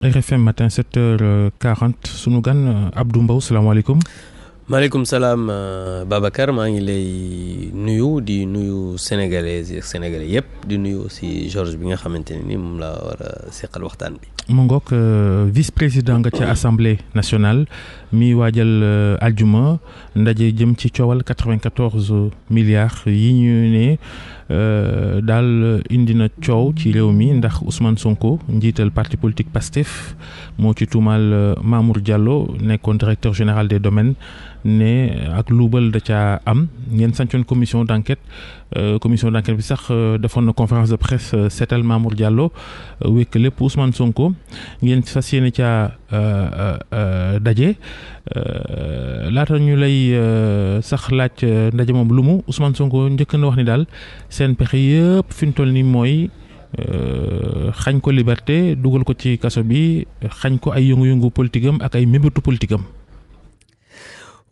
RFM matin 7 h suñu gan Abdou Mbow salaamaaleykum. maaleykum salaam euh, Babacar maa ngi lay nuyu di nuyu sénégalais sénégalais yëpp di nuyu aussi Georges bi nga xamante ne ni moom laa war a seqal waxtaan bi. mu ngoog euh, vice président nga ca assemblée nationale. mi waajal euh, aljuma ndaje jëm ci coowal 94 milliards yi ñu ne euh, daal indi na coow ci réew mi ndax Ousmane Sonko njiital parti politique PASTEF moo ci tuumaal euh, Mamour Diallo nekkoon directeur général des domaines ne ak luubal da caa am ngeen sancoon commission d' enquête commission d' bi sax defoon na conférence de presse seetal Mamour Diallo wekk lépp Ousmane Sonko ngeen fas yéene caa daje. Euh, laata ñu lay euh, sax laaj euh, ndaje moom lu mu Ousmane Sonko njëkk na wax ni daal seen pexe yëpp fi ñu toll nii mooy xañ ko liberté dugal ko ci kaso bi xañ ko ay yëngu-yëngu politique ak ay mébétu politique am.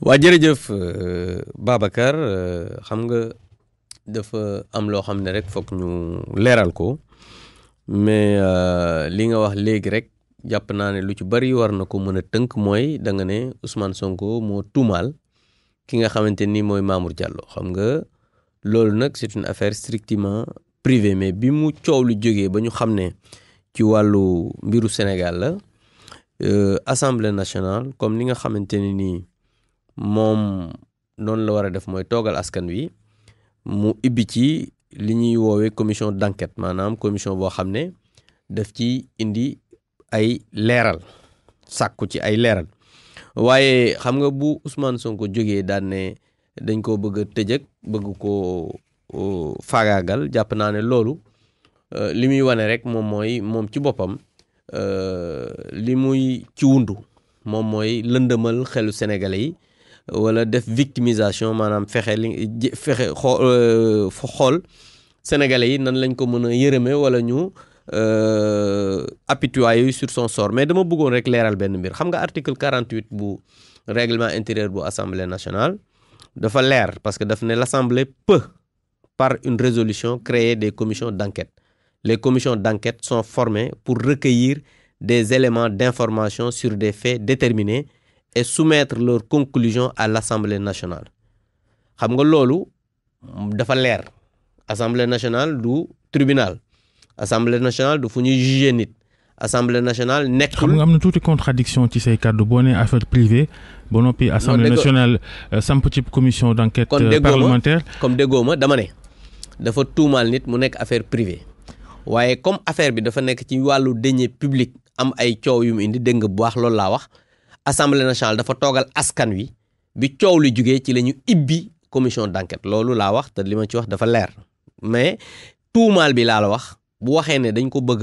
waa jërëjëf Babacar xam nga dafa am loo xam ne rek foog ñu leeral ko mais li nga wax léegi rek. jàpp naa ne lu ci bari war na ko mën a tënk mooy danga ne Ousmane Sonko moo tuumaal ki nga xamante ni mooy Mamour Diallo xam nga loolu nag c'est une affaire strictement privée mais bi mu coow lu jógee ba ñu xam ne ci wàllu mbiru Sénégal la euh, Assemblée nationale comme ni nga xamante ne nii moom noonu la war a def mooy toogal askan wi mu ibbi ci li ñuy woowee commission d'enquête maanaam commission boo xam ne daf ci indi ay leeral sàkku ci ay leeral waaye xam nga bu usmaan Ousmane ko jógee daan ne dañ koo bëgg a tëjëk bëgg koo faagaagal jàpp naa ne loolu e, li muy wane rek moom mooy moom ci boppam e, li muy ci wundu moom mooy lëndëmal xelu sénégalais yi wala def victimisation maanaam fexe li fexe e, xool sénégalais yi nan lañ ko mën a yërëme wala ñu Euh, apitoyé sur son sort mais dama bëggoon rek leeral benn mbir xam nga article 48 bu règlement intérieur bu assemblée nationale dafa leer parce que daf ne l'assemblée peut par une résolution créer des commissions d'enquête les commissions d'enquête sont formées pour recueillir des éléments d'information sur des faits déterminés et soumettre leurs conclusions à l'Assemblée nationale xam nga loolu dafa leer Assemblée nationale du tribunal assemblée nationale du fu ñuy jugé nit. assemblée nationale nekkul xam nga am na tuuti contradiction ci say kàddu boo nee affaire privée ba noppi. assemblée nationale euh, samp ci commission d' enquête euh, parlementaire comme déggoo ma dama ne. dafa tuumaal nit mu nekk affaire privée waaye comme affaire bi dafa nekk ci wàllu deniers publics am ay coow yu mu indi dégg nga bu baax loolu laa wax. assemblée nationale dafa toogal askan wi bi coow lu jugee ci la ñu ibbi commission d' enquête loolu laa wax te li ma ci wax dafa leer mais tuumaal bi laa la wax. bu waxee ne dañ ko bëgg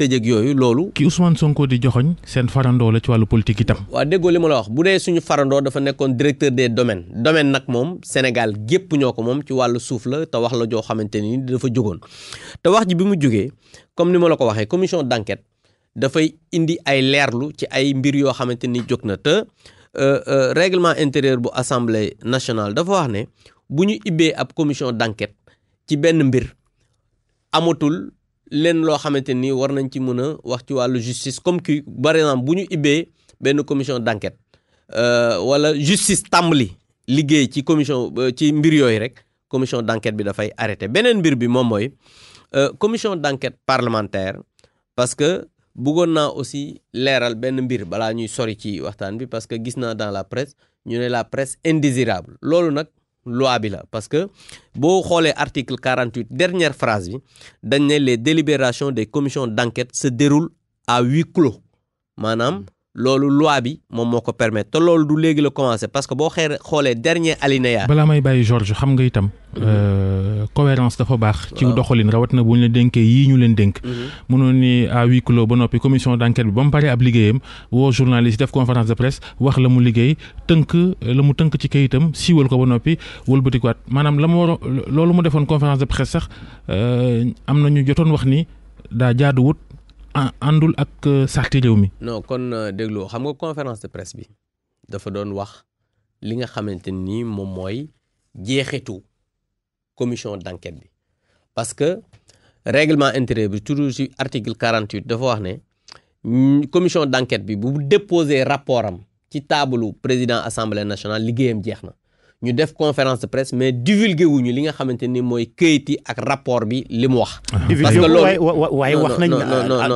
a yooyu loolu. ki Ousmane Sonko di joxoñ seen farandoo la ci wàllu politique itam. waaw déggoo li ma la wax bu dee suñu farandoo dafa nekkoon directeur de domaines domaine nag moom Sénégal gépp ñoo ko moom ci wàllu suuf la te wax la joo xamante ni dafa jógoon te wax ji bi mu jógee comme ni ma la ko waxee commission d'enquête dafay indi ay leerlu ci ay mbir yoo xamante ni jóg na te euh, euh, règlement intérieur bu assemblée national dafa wax ne bu ñu ibbee ab commission d'enquête ci benn mbir leen loo xamante ni war nañ ci mën a wax ci wàllu justice comme que par exemple bu ñu ibbee benn commission d'enquête euh, wala justice tàmbali liggéey ci commission euh, ci mbir yooyu rek commission d'enquête bi dafay arrêté beneen mbir bi moom mooy euh, commission d'enquête parlementaire parce que bëggoon naa aussi leeral benn mbir balaa ñuy sori ci waxtaan bi parce que gis naa dans la presse ñu ne la presse indésirable loolu nag lois bi la parce que boo xoolee article 48 dernière phrase bi dañ ne les délibérations des commission d'enquête se déroulent à wi clos maanaam loolu loi bi moom moo ko permettre te loolu du léegi la commencé parce que boo xee xoolee dernier alinéa. balaa may bàyyi Georges xam nga itam. Mhm. Euh, cohérence dafa baax. ci doxalin rawat na ñu la dénkee yii ñu leen dénk. mënoon mhm. ni à ba noppi commission d' enquête bi ba mu paree ab liggéeyam woo journaliste def conférence de presse wax la mu liggéey tënk euh, la mu tënk ci kayitam siiwal ko ba noppi wëlbatikuwaat maanaam la mu war loolu mu defoon conférence de presse sax euh, am na ñu jotoon wax ni daa jaaduwut. àndul ak euh, sarti mi. non kon euh, déglu xam nga conférence de presse bi dafa doon wax li nga xamante ni moom mooy jeexitu commission d' enquête bi parce que règlement intérieur bi toujours ci article quarante huit dafa wax ne commission d' enquête bi bu déposé rapport am ci taabalu président assemblée nationale liggéeyam jeex na. ñu def conférence de presse mais divulgué wuñu li nga xamante ni mooy këyit ak rapport bi li mu wax. Ah. parce waaye wax nañ euh,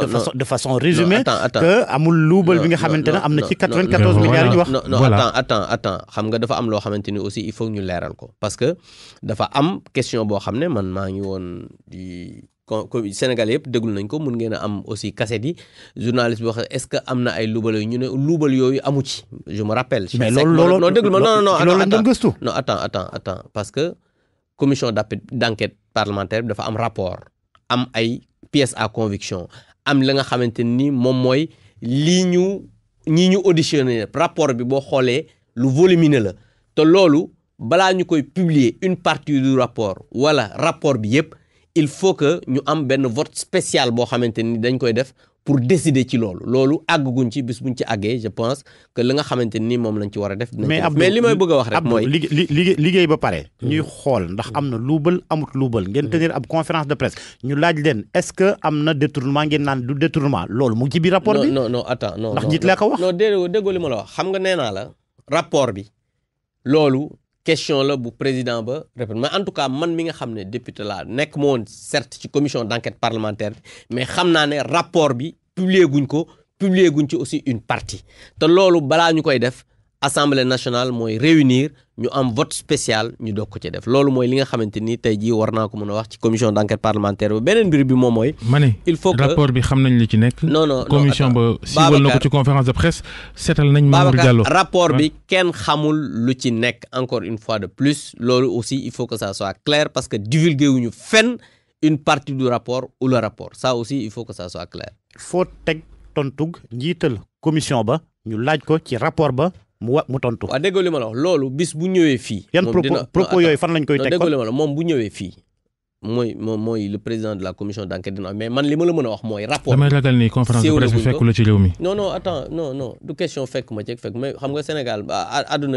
de façon de façon résumée que amul luubal bi nga xamante ne am na ci 94 milliards ñu wax. non non attends attends attends xam nga dafa am loo xamante ni aussi il faut ñu leeral ko parce que dafa am question boo xam ne man maa ngi woon comme Sénégal yëpp déglu nañ ko mun ngeen a am aussi cassette yi journaliste bi est-ce que am na ay luubal ñu ne luubal yooyu amu ci je me rappelle. mais loolu loolu non déglu ma non non non. loolu lañ doon gëstu non attends attends attends parce parlementaire bi dafa am rapport am ay pièces à conviction am la nga xamante ni moom mooy lii ñu ñii ñu auditionné rapport bi boo xoolee lu volumineux la te loolu balaa ñu koy publier une partie du rapport wala rapport bi yëpp. il faut que ñu am benn vote spécial boo xamante ni dañ koy def pour décider ci loolu loolu àgguñ ci bis buñ ci àggee je pense que li nga xamante ni moom lañ ci war a def. mais mais li may bëgg a wax rek mooy. liggéey liggéey ba pare. Hmm. ñuy xool ndax am na luubal amut luubal. ngeen tenir ab conférence de presse ñu laaj leen est-ce que am na détournement ngeen naan du détournement loolu mu ngi ci biir rapport bi. non non attends non ndax njiit laa ko wax. non déggoo la wax xam nga nee naa la rapport bi loolu. question la bu président ba répété mais en tout cas man mi nga xam ne député laa nekk ma woon certes ci commission d' enquête parlementaire bi mais xam naa ne rapport bi publier guñ ko publier guñ ci aussi une partie te loolu balaa ñu koy def assemblée nationale mooy réunir ñu am vote spécial ñu doog ko ci def loolu mooy li nga xamante ni tey jii war ko mën a wax ci commission d' enquête parlementaire ba beneen mbir bi moom mooy. ma ne rapport bi xam nañ li ci nekk. non non commission ba siiwal na ko ci conférence de presse seetal nañ. Mamour Diallo rapport bi kenn xamul lu ci nekk encore une fois de plus loolu aussi il faut que ça soit clair parce que divulgué wuñu fenn une partie du rapport ou le rapport ça aussi il faut que ça soit clair. il faut teg tontug njiital commission ba ñu laaj ko ci rapport ba. mu wa mu tontu. a déggoo li ma la loolu bis bu ñëwee fii. yan propos propos yooyu fan lañ koy teg déggoo li ma la moom bu ñëwee fii. mooy moom mooy le président de la commission d'enquête dina mais man li ma la mën a wax mooy rapport damay ragal ni conférence de presse bi fekk la ci réew mi non non attends non non du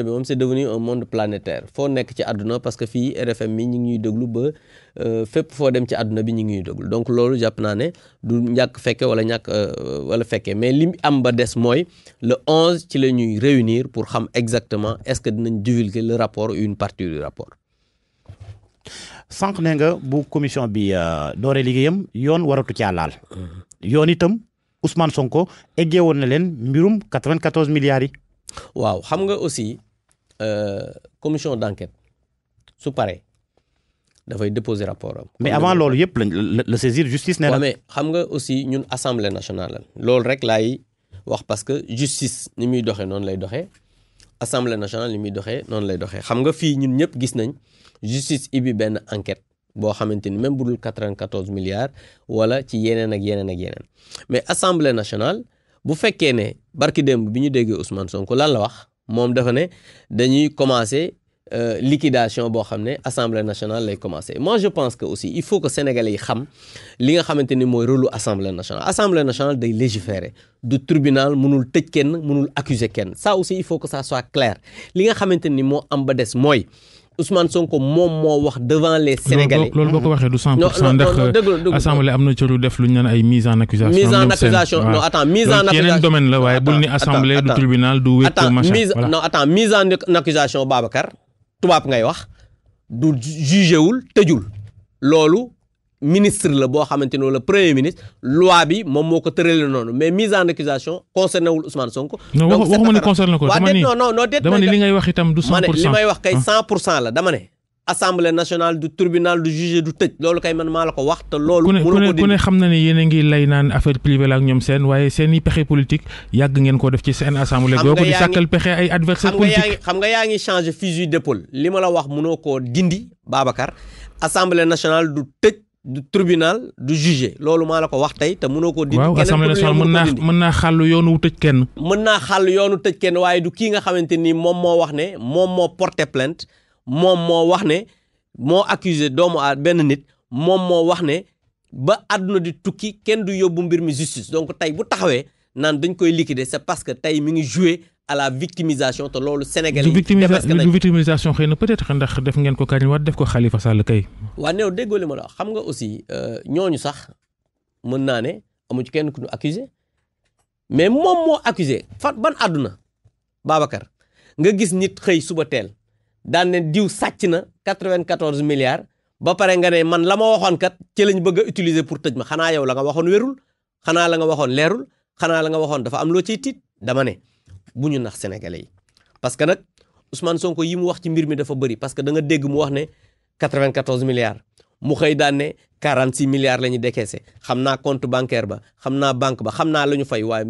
bi moom c'est devenu un monde nekk ci àdduna parce que fii RFM mi ñu ngi ñuy déglu ba euh, fépp foo dem ci àdduna bi ñu ngi ñuy déglu donc loolu jàpp naa ne du ñàkk fekke wala ñàkk euh, wala fekkee mais li am ba des mooy le 11 ci la ñuy réunir pour xam exactement est-ce que dinañ divulguer le rapport une partie du rapport sànq ne nga bu commission bi euh, dooree liggéeyam yoon waratu caa laal. yoon itam Ousmane Sonko eggee woon na leen mbirum 94 milliards yi. waaw xam nga aussi euh, commission d'enquête su paree dafay déposer rapport am. mais avant loolu yëpp la la saisir justice. nee na mais xam nga aussi ñun assemblée nationale loolu rek laay wax parce que justice ni muy doxee noonu lay doxee. assemblée nationale li muy doxee noonu lay doxee xam nga fii ñun ñëpp gis nañ justice ibi benn enquête boo xamante ni même bu dul 94 milliards wala ci yeneen ak yeneen ak yeneen mais assemblée nationale bu fekkee ne barki demb bi ñu déggee Ousmane Sonko lan la wax moom dafa ne dañuy commencer. Euh, liquidation boo xam ne assemblée nationale lay commencé moi je pense que aussi il faut que sénégalais yi xam li nga xamante ni mooy rôle assemblée nationale assemblée nationale day légiférer du tribunal mënul tëj kenn mënul accuser kenn ça aussi il faut que ça soit clair li nga xamante ni moo am ba des mooy Ousmane Sonko moom moo wax devant les Sénégalais. loolu boo ko waxee du 100 pour ndax assemblée am na ci lu def lu ñu ay mise en accusation. tubaab ngay wax du jugé wul tëjul loolu ministre la boo xamante ne wala premier ministre loi bi moom moo ko tëralee noonu mais mise en accusation concerné wul Sonko. donc waxuma ni ko dama ni non non déet dama li ngay wax itam du. 100 pour cent ma ne la dama assemblée nationale du tribunal du juge du tëj loolu kay man maa la ko wax te loolu. mënoo ko ku ne xam na ne yéen ngi lay naan affaire privée la ak ñoom seen waaye seeni i pexe politique yàgg ngeen ko def ci seen assemblée. xam nga di sàkkal nga yaa ngi changé fusil d'épaule li ma la wax mënoo koo dindi Babacar assemblée nationale du tëj. du tribunal du juge loolu maa la ko wax tey te mënoo ko dindi waaw assemblée mën naa mën naa xàll yoonu tëj kenn mën naa xàll yoonu tëj kenn waaye du kii nga xamante ni moom moo wax ne moom moo porté plainte moom moo wax ne moo accusé doomu aadama benn nit moom moo wax ne ba àdduna di tukki kenn du yóbbu mbir mi justice donc tey bu taxawee naan dañ koy liquider c'est parce que tey mi ngi joué à la victimisation te loolu sénégalais du victimisation xëy na peut-être ndax def ngeen ko Karim Wade def ko Khalifa Sall kay. waa néew déggoo li ma la xam nga aussi euh, ñooñu sax mën naa ne amu ci kenn ku ñu accusé mais moom moo accusé fa ban àdduna Babacar nga gis nit xëy suba teel daan ne diw sàcc na 94 milliards ba pare nga ne man la ma waxoon kat ci lañ bëgg a utiliser pour tëj ma xanaa yow la nga waxoon wérul xanaa la nga waxoon leerul xanaa la nga waxoon dafa am loo ciy tiit dama ne bu ñu nax sénégalais yi. parce que nag Ousmane Sonko yi mu wax ci mbir mi dafa bëri parce que da nga dégg mu wax ne 94 milliards mu xëy daane ne 46 milliards la ñu décaissé xam naa compte bancaire ba xam naa banque ba xam naa la ñu fay waaye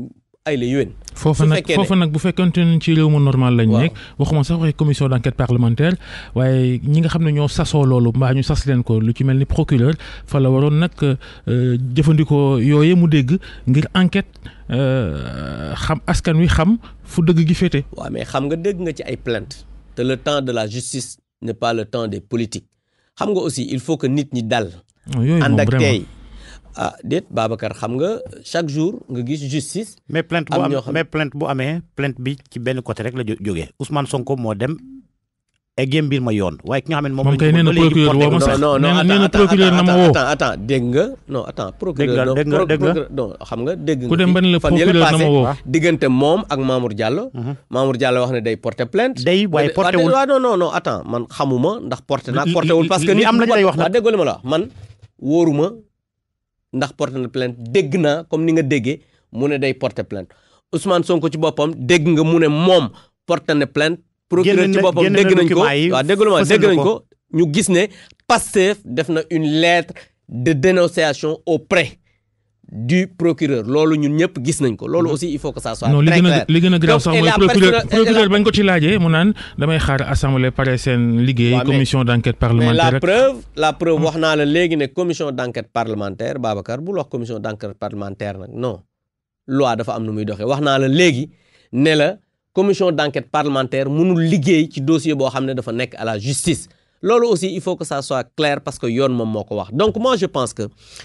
ay la yéwén. foofu nag foofu nag bu fekkente ne ci réew mu normal lañ nekk waxuma sax waxi commission d'enquête parlementaire waaye ñi nga xam ne ñoo sasoo loolu mbaa ñu sas leen ko lu ci mel ni procureur fa la waroon nag euh, jëfandikoo yooye mu dégg ngir enquête euh, xam askan wi xam fu dëgg gi féete. waaw mais xam nga dégg nga ci ay plainte te le temps de la justice n'est pas le temps des politiques xam nga aussi il faut que nit ñi dal. ànd ak tey ah déet Babacar xam nga chaque jour nga gis justice. mais plainte bu am mais plainte bu amee plainte bi ci benn côté rek la jógee Ousmane Sonko moo dem. eggee mbir ma yoon waaye ki nga xam ne moom kay nee na procureur woo ma sax non non nee na procureur na ma woo attends attends dégg nga non attends procureur dégg nga dégg nga non xam nga dégg nga ku dem ba ne la procureur na ma woo diggante moom ak Mamour Diallo mhm. Mamour Diallo wax ne day porter plainte day waaye porter wul waaw non non non attends man xamuma ndax porter naa porter wul parce que ni am la lay wax na déggoo li ma la wax man wóoruma ndax porté na plainte dégg naa comme ni nga déggee mu ne day porté plainte Ousmane Sonko ci boppam dégg nga mu ne moom porté na plainte. procureur ci boppam dégg nañ ko waaw dégglu ma dégg nañ ko ñu gis ne Pastef def na une lettre de dénonciation près du procureur loolu ñun ñëpp gis nañ ko loolu aussi il faut que ça soit. non li gën a li gën a grave naan damay xaar assemblée pare seen liggéey. commission d' enquête parlementaire léegi ne commission d' enquête parlementaire Babacar bu wax commission d' nag non loi dafa am nu muy doxee wax naa la léegi ne la commission d' enquête parlementaire mënul liggéey ci dossier boo xam ne dafa nekk à la justice. loolu aussi faut que ça soit clair parce que yoon moom moo ko wax donc moi je pense que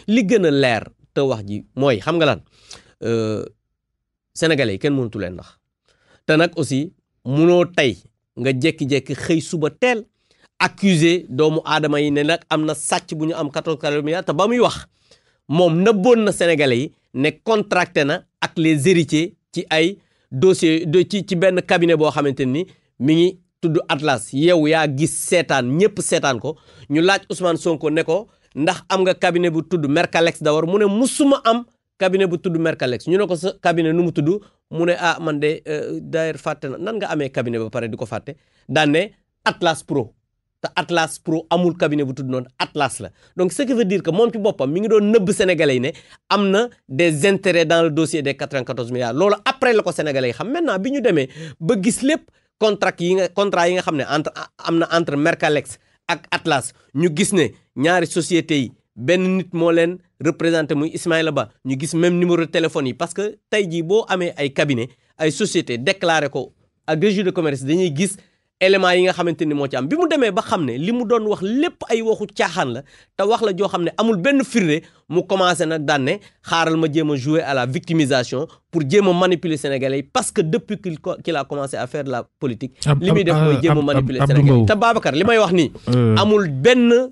li gën a leer te wax ji mooy xam nga lan euh, sénégalais yi kenn mënatu leen ndax te nag aussi munoo tey nga jékki-jékki xëy suba teel accusé doomu aadama yi ne nag am na sàcc bu ñu am 14 milliards te ba muy wax moom nëbboon na sénégalais yi ne contracté na ak les héritiers ci ay dossier ci ci benn cabinet boo xamante ni mi ngi tudd Atlas yow yaa gis seetaan ñëpp seetaan ko ñu laaj Ousmane Sonko ne ko ndax am nga cabinet bu tudd Mercalex d'abord mu ne musuma am cabinet bu tudd Mercalex ñu ne ko sa cabinet nu mu tudd mu ne ah man de euh, d'ailleurs fàtte na nan nga amee cabinet ba pare di ko fàtte daan ne Atlas Pro te Atlas Pro amul cabinet bu tudd noonu Atlas la donc ce qui veut dire que moom ci boppam mi ngi doon nëbb sénégalais yi ne am na des intérêts dans le dossier des 94 milliards loolu après la ko sénégalais yi xam maintenant bi ñu demee ba gis lépp contrat yi nga contrat yi nga xam ne entre am na entre Mercalex ak Atlas ñu gis ne ñaari sociétés yi benn nit moo leen représenté muy Ismaïla Ba ñu gis même numéro téléphone yi parce que tey jii boo amee ay cabinet ay société déclaré ko ak registre de commerce dañuy gis éléments yi nga xamante ni moo ci am bi demee ba xam ne li mu doon wax lépp ay waxu caaxaan la te wax la joo xam ne amul benn firnde mu commencé na danne xaaral ma jéem a jouer à la victimisation pour jéem a manipuler sénégalais yi parce que depuis qu'il qu'il a commencé à faire la politique. li muy def mooy ah, jéem a manipuler sénégalais te Babacar li may wax ni euh. amul benn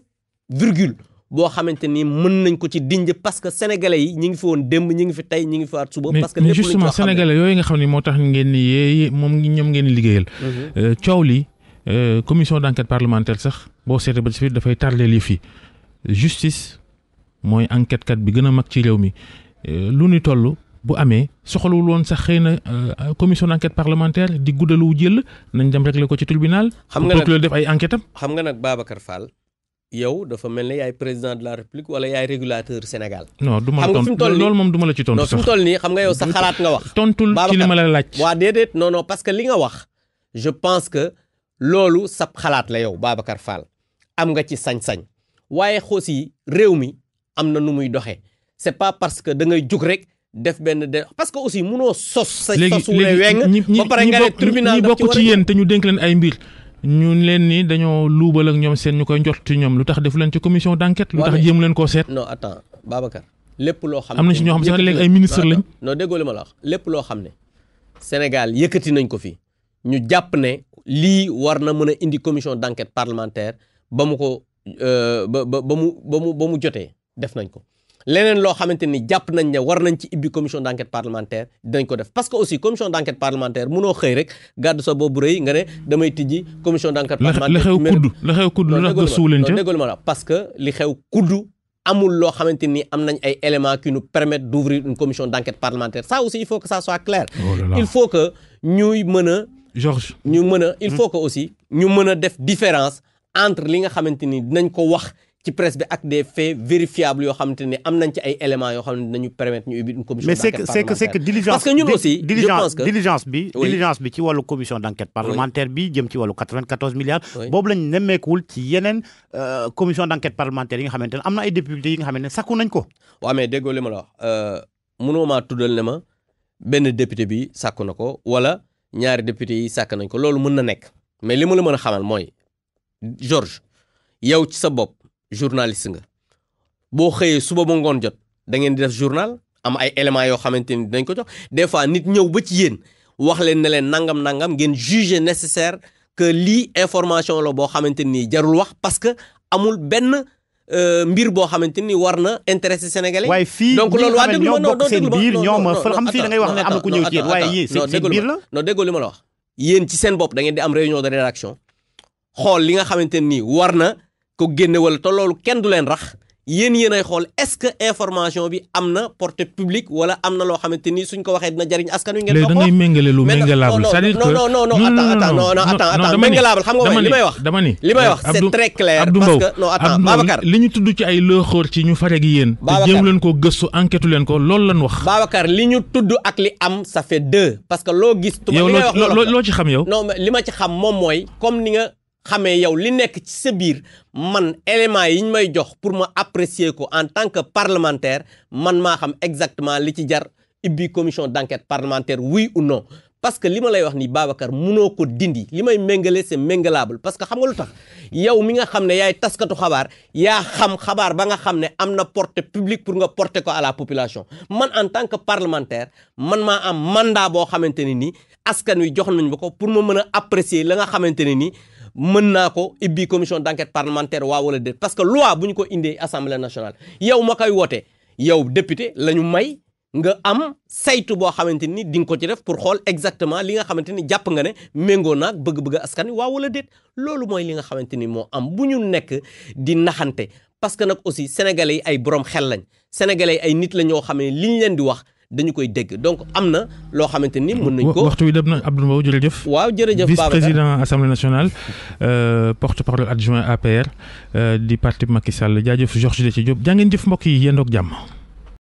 virgule. boo xamante ni mën nañ ko ci dinj parce que sénégalais yi ñu ngi fi woon démb ñu ngi fi tey ñu ngi fi waat suba. parce que lépp lu justement yooyu nga xam ne moo tax ngeen ni yee moom ñoom ngeen liggéeyal. Mhm. Euh, coow li euh, commission d' enquête parlementaire sax boo seetee ba ci biir dafay tardeel yëf yi justice mooy enquête kat bi gën a mag ci réew mi euh, lu ni toll. bu amee soxlawul woon sax xëy na commission d' enquête parlementaire di guddalu jël nañ dem réglé ko ci tribunal. xam nga nag def ay enquête am. xam nga nag Babacar Fall yow dafa mel ne yaay président de la république wala yaay régulateur Sénégal. no du ma la tontu loolu moom du ma la ci ton sax non fi mu toll nii xam nga yow sa xalaat nga wax. tontul ci li ma la laaj. waa déedéet non non parce que nga wax je pense que loolu sab xalaat la yow Babacar Fall am nga ci sañ-sañ waaye aussi réew mi am na nu muy doxee c'est pas parce que da ngay jug rek. def benn de parce que aussi munoo sos. sa sos wu ne weng ba pare nga ne tribunal ñi bokk ci yéen te ñu dénk ay mbir. ñun leen ni dañoo luubal ak ñoom seen ñu koy njot ci ñoom lu tax defu leen ci commission d'enquête lu tax jéemu leen koo seet. non attends Babacar lépp loo xam ne am na si ñoo xam sax léegi ay ministre lañ. noo déggoo li ma la lépp loo xam ne Sénégal yëkkati nañ ko fi ñu jàpp ne lii war na mën a indi commission d'enquête parlementaire ba mu ko euh, ba ba ba mu ba mu jotee def nañ ko. leneen loo xamante ni jàpp nañ ne war nañ ci ibbi commission d'enquête parlementaire dinañ ko def parce que aussi commission d'enquête parlementaire munoo xëy rek gàddu sa boobu rëy nga ne damay tijji commission d'enquête parlementaire la xew kudd lu tax nga suuleen ca déggul ma parce que li xew kudd amul loo xamante ni am nañ ay éléments qui nous permettent d'ouvrir une commission d'enquête parlementaire ça aussi il faut que ça soit clair oh il faut mën a Georges ñu mën a il hmm? faut que aussi ñu mën a def différence entre li nga xamante ni dinañ ko wax ci presse bi ak des faits vérifiables yoo xamante ne am nañ ci ay éléments yoo xam ne nañu permettre ñu ubbi une commission d'enquête parlementaire mais c'est que c'est que diligence parce que ñun aussi je pense que bi jëm ci wàllu milliards boobu lañ nemmeekuwul ci yeneen euh, commission d'enquête parlementaire yi nga xamante ne am na ay députés yi nga xamante ne sakku nañ ko waaw euh, ma benn député bi sàkku na ko wala ñaari député yi sàkk nañ ko loolu mën na nekk mais li ma la mën a xamal mooy Georges yow ci sa bopp journaliste nga boo xëyee suba ba ngoon jot da ngeen di def journal am ay éléments yoo xamante ni dinañ ko jox des fois nit ñëw ba ci yéen wax leen ne leen nangam nangam ngeen juger nécessaire que lii information la boo xamante ni jarul wax parce que amul benn euh, mbir boo xamante ni war na intéressé sénégalais. waaye fii donc loolu waa déglu ma non non wax ne am na ku ñëw ci yéen waaye yéen seen biir li ma la wax. yéen ci seen bopp da ngeen di am réunion de rédaction xool li nga xamante ni war ko génne wala te loolu kenn du leen rax yéen yéen xool est que information bi am na portée publique wala am na loo xamante ni suñ ko waxee dina jariñ askan wi ngeen. lu méngalable. cest xam nga wax li may wax c'est très clair li ñu tudd ci ay lëxoor ci ñu fareg yéen. te jéem leen ko gëstu enquête leen ko loolu lañ wax. Babacar li ñu tudd ak li am ça fait parce que loo gis. tubaab li ma ci xam moom mooy comme ni nga xamee yow li nekk ci sa biir man éléments yi ñu may jox pour ma apprécier ko en tant que parlementaire man maa xam exactement li ci jar ibbi commission d'enquête parlementaire oui ou no parce que li ma lay wax ni Babacar munoo ko dindi li may méngale c'est méngalable parce que xam nga lu tax yow mi nga xam ne yaay taskatu xabaar yaa xam xabaar ba nga xam ne am na portée publique pour nga porter ko à la population man en tant que parlementaire man maa am mandat boo xamante ne ni askan wi jox nañ ma ko pour ma mën a apprécier la nga xamante ne ni mën naa ko ibbi commission d'enquête parlementaire waa wala déet parce que loi bu ñu ko indee assemblée nationale yow ma koy woote yow député la ñu may nga am saytu boo xamante ni di nga ko ci def pour xool exactement li nga xamante ni jàpp nga ne méngoo naag bëgg-bëgg askan wi waa wala déet loolu mooy li nga xamante ni moo am bu ñu nekk di naxante parce que nag aussi sénégalais yi ay borom xel lañ sénégalais yi ay nit la ñoo xam ne li ñu leen di wax dañu koy dégg donc am na loo xamante ni mën nañ ko waxtu wi dem na Abdou Mbow jërëjëf. waaw jërëjëf vice président assemblée nationale euh, porte parole adjoint APR euh, di parti Macky Sall jaajëf Georges Dethie Diop jaa ngeen jëf mbokk yi yéen doog jàmm.